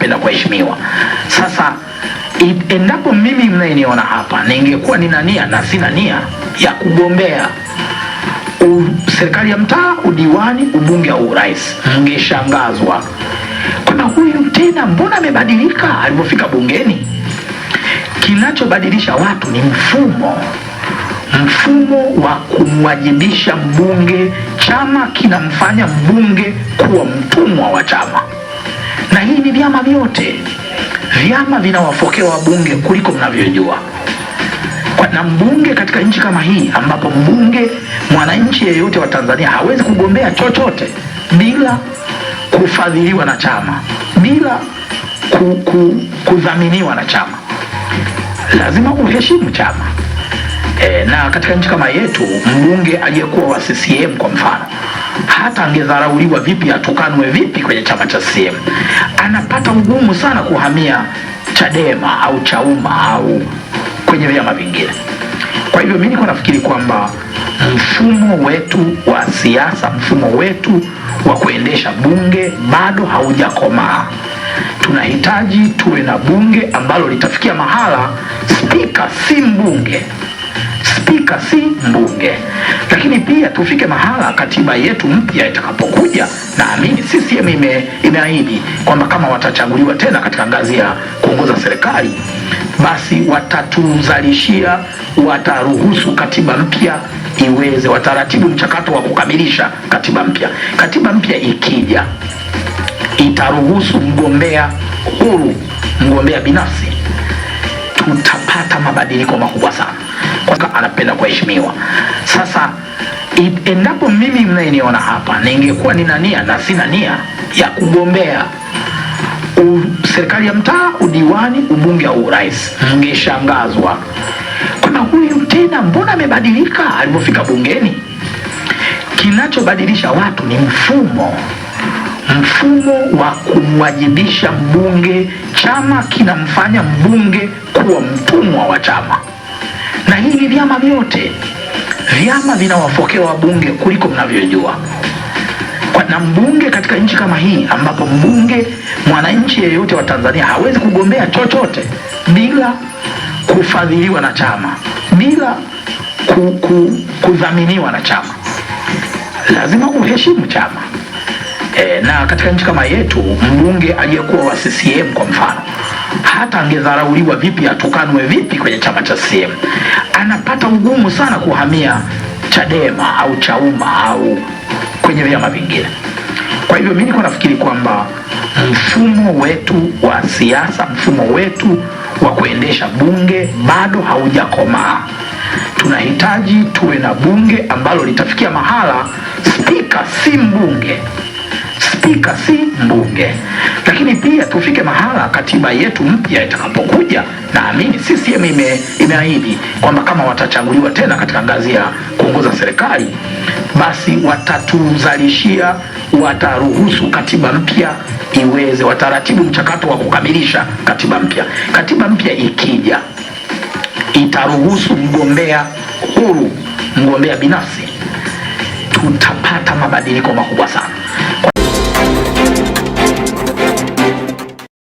napenda kuheshimiwa. Sasa endapo mimi mnayeniona hapa ningekuwa nina nia na sina nia ya kugombea u, serikali ya mtaa, udiwani, ubunge au urais, mngeshangazwa kwamba huyu tena mbona amebadilika alipofika bungeni. Kinachobadilisha watu ni mfumo mfumo wa kumwajibisha mbunge. Chama kinamfanya mbunge kuwa mtumwa wa chama na hii ni vyama vyote, vyama vinawafokea wabunge kuliko mnavyojua na mbunge katika nchi kama hii ambapo mbunge mwananchi yeyote wa Tanzania hawezi kugombea chochote bila kufadhiliwa na chama, bila ku, ku, kudhaminiwa na chama. Lazima uheshimu chama e, na katika nchi kama yetu mbunge aliyekuwa wa CCM kwa mfano hata angedharauliwa vipi, atukanwe vipi kwenye chama cha CCM, anapata ugumu sana kuhamia Chadema au Chauma au kwenye vyama vingine. Kwa hivyo mimi niko nafikiri kwamba mfumo wetu wa siasa, mfumo wetu wa kuendesha bunge bado haujakomaa. Tunahitaji tuwe na bunge ambalo litafikia mahala spika si mbunge, spika si mbunge lakini pia tufike mahala katiba yetu mpya itakapokuja, naamini CCM ime, imeahidi kwamba kama watachaguliwa tena katika ngazi ya kuongoza serikali, basi watatuzalishia, wataruhusu katiba mpya iweze, wataratibu mchakato wa kukamilisha katiba mpya. Katiba mpya ikija itaruhusu mgombea huru, mgombea binafsi, tutapata mabadiliko makubwa sana, kwa anapenda kuheshimiwa sasa endapo mimi mnayeniona hapa ningekuwa nina nia na sina nia ya kugombea serikali ya mtaa, udiwani, ubunge au urais, mngeshangazwa kama huyu tena, mbona amebadilika alipofika bungeni? Kinachobadilisha watu ni mfumo, mfumo wa kumwajibisha mbunge. Chama kinamfanya mbunge kuwa mtumwa wa chama, na hii ni vyama vyote vyama vinawapokea wabunge kuliko mnavyojua na mbunge katika nchi kama hii ambapo mbunge mwananchi yeyote wa Tanzania hawezi kugombea chochote bila kufadhiliwa na chama, bila ku, ku, kudhaminiwa na chama. Lazima uheshimu chama e, na katika nchi kama yetu mbunge aliyekuwa wa CCM kwa mfano hata angedharauliwa vipi, atukanwe vipi kwenye chama cha CCM, anapata ugumu sana kuhamia Chadema au Chauma au kwenye vyama vingine. Kwa hivyo mimi niko nafikiri kwamba mfumo wetu wa siasa, mfumo wetu wa kuendesha bunge bado haujakomaa. Tunahitaji tuwe na bunge ambalo litafikia mahala spika si mbunge husika si mbunge. Lakini pia tufike mahala katiba yetu mpya itakapokuja, naamini CCM ime, imeahidi kwamba kama watachaguliwa tena katika ngazi ya kuongoza serikali, basi watatuzalishia, wataruhusu katiba mpya iweze, wataratibu mchakato wa kukamilisha katiba mpya. Katiba mpya ikija itaruhusu mgombea huru, mgombea binafsi, tutapata mabadiliko makubwa sana.